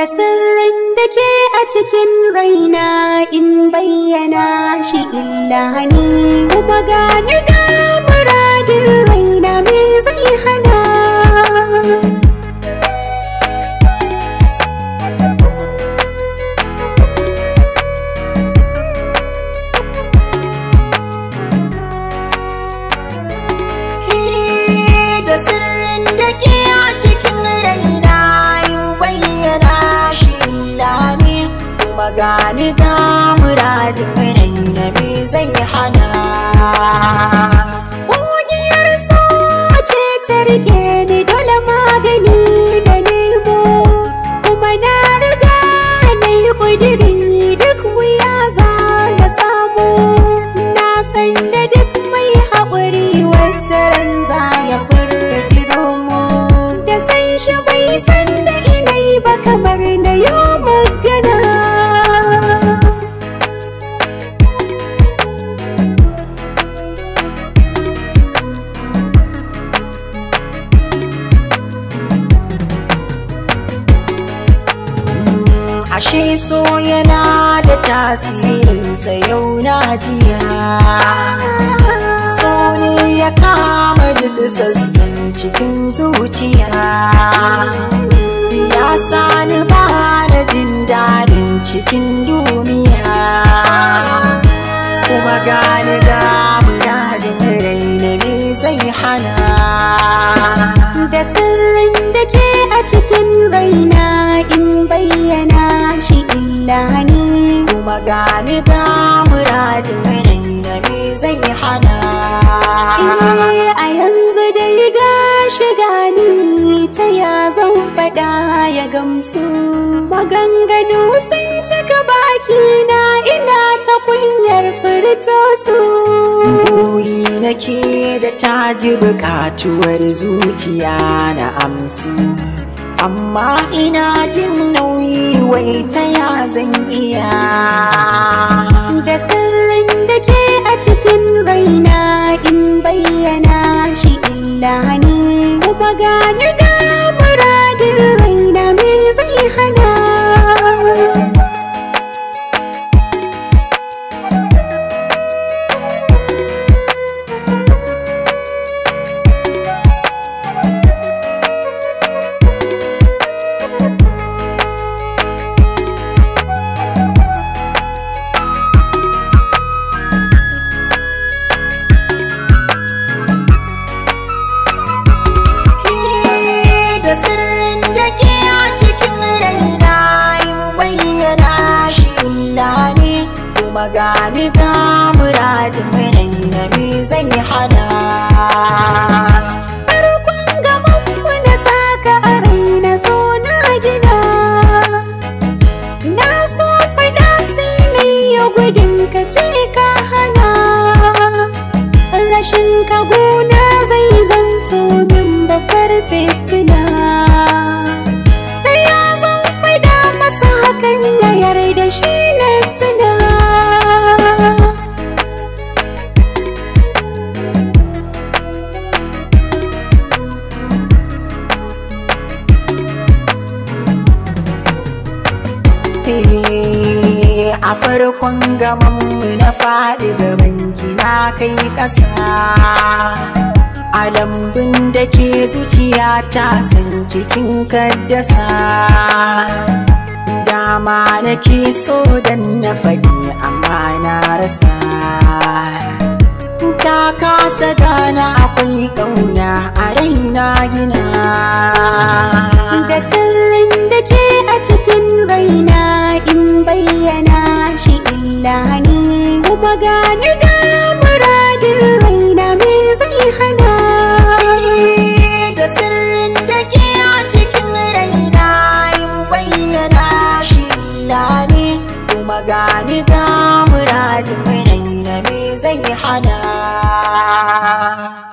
da sirrin da ke a cikin raina in bayyana shi illa ni kuma gani gani ga muradin rai na me zai hana ƙungiyar sa ce ta rike ni ashe so yana da tasirinsa yau na jiya So ne ya kama duk sassan cikin zuciya ya sani ba na jin daɗin cikin duniya kuma gani ga muradin rai na me zai hana da sirrin da ke a cikin raina in bayyana tunani kuma gani ga muradin yanayi na me zai hana eh, a yanzu da dai gashi gani ta ya zan faɗa ya gamsu maganganu sun cika baki na ina ta kunyar furto su buri nake da taji bukatuwar zuciya na amsu amma ina jin nauyi wai ta ya zan iya da sirrin da ke a cikin raina gudun ka ce ka hana rashin ka guna a farkon gaban mu na faɗi gaban gina kai ƙasa a lambun da ke zuciya ta san kikin kaddasa dama nake so dan na faɗi amma na rasa ta kasa gana akwai ƙauna a raina gina da gani ga muradin mai na me zai hana